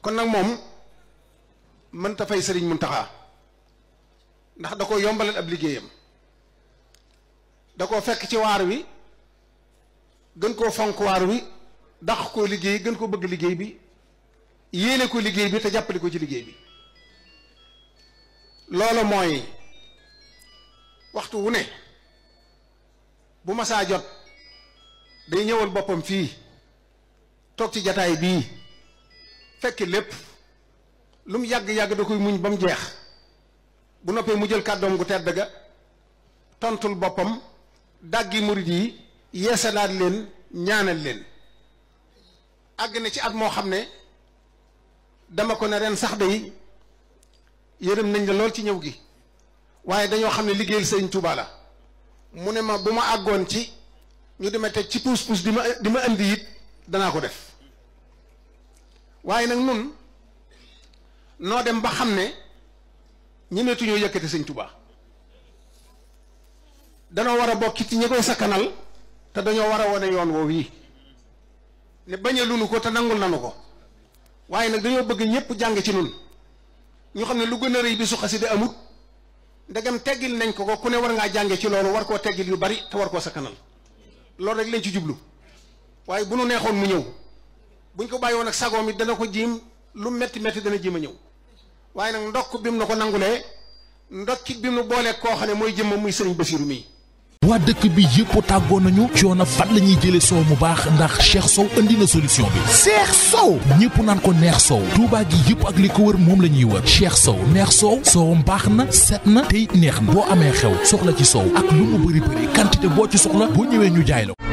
kon nak mom man ta fay serigne muntaha ndax da ko yombalal ab liggéeyam da ko fekk ci waar wi gën koo fonk waar wi dax koo liggéey gën koo bëgg liggéey bi yéene koo liggéey bi te jàppale ko ci liggéey bi loolu mooy waxtu wu ne bu masaa jot day ñëwal boppam fii toog ci jataay bii fekk lépp lu mu yàgg-yàgg da koy muñ ba mu jeex bu noppee mu jël kàddoom gu tedd ga tontul boppam dàggi murit yi yeesalaat leen ñaanal leen àgg na ci at moo xam ne dama ko ne ren sax day yërëm nañ la lool ci ñëw gi waaye dañoo xam ne liggéeyal sëñ Tuubaa la mu ne ma bu ma àggoon ci ñu di ma teg ci puus puus di ma di ma indi it danaa ko def waaye nag nun noo dem ba xam ne ñemeetuñoo yëkkati sëñ tubaa danoo war a bokk ci ñi koy sakkanal te dañoo war a wone yoon woowu yi ne bañee lunu ko te nangul nanu ko waaye nag dañoo bëgg ñëpp jàng ci nun ñu xam ne lu gën a rëy bi su xaside amut ndegam teggil nañ ko ko ku ne war ngaa jànge ci loolu war koo teggil yu bari te war koo sakkanal loolu rek lañ ci jublu waaye bu nu neexoon mu ñëw buñ ko bàyyi woon ak sagoom it dana ko jiim lu metti metti dana jiim a ñëw waaye nag ndox bi mu na ko nangulee ndokki bi mu boolee koo xam ne mooy jëmm muy sëriñ Basiru mi waa dëkk bi yëpp tàggoo nañu coono fan la ñuy jëlee soow mu baax ndax Cheikh Sow indi na solution bi Cheikh Sow ñëpp naan ko neex soow Touba gi yëpp ak li ko wër moom la ñuy wër Cheikh Sow neex soow soowam baax na set na te neex na boo amee xew soxla ci soow ak lu mu bëri bëri quantité boo ci soxla boo ñëwee ñu jaayloo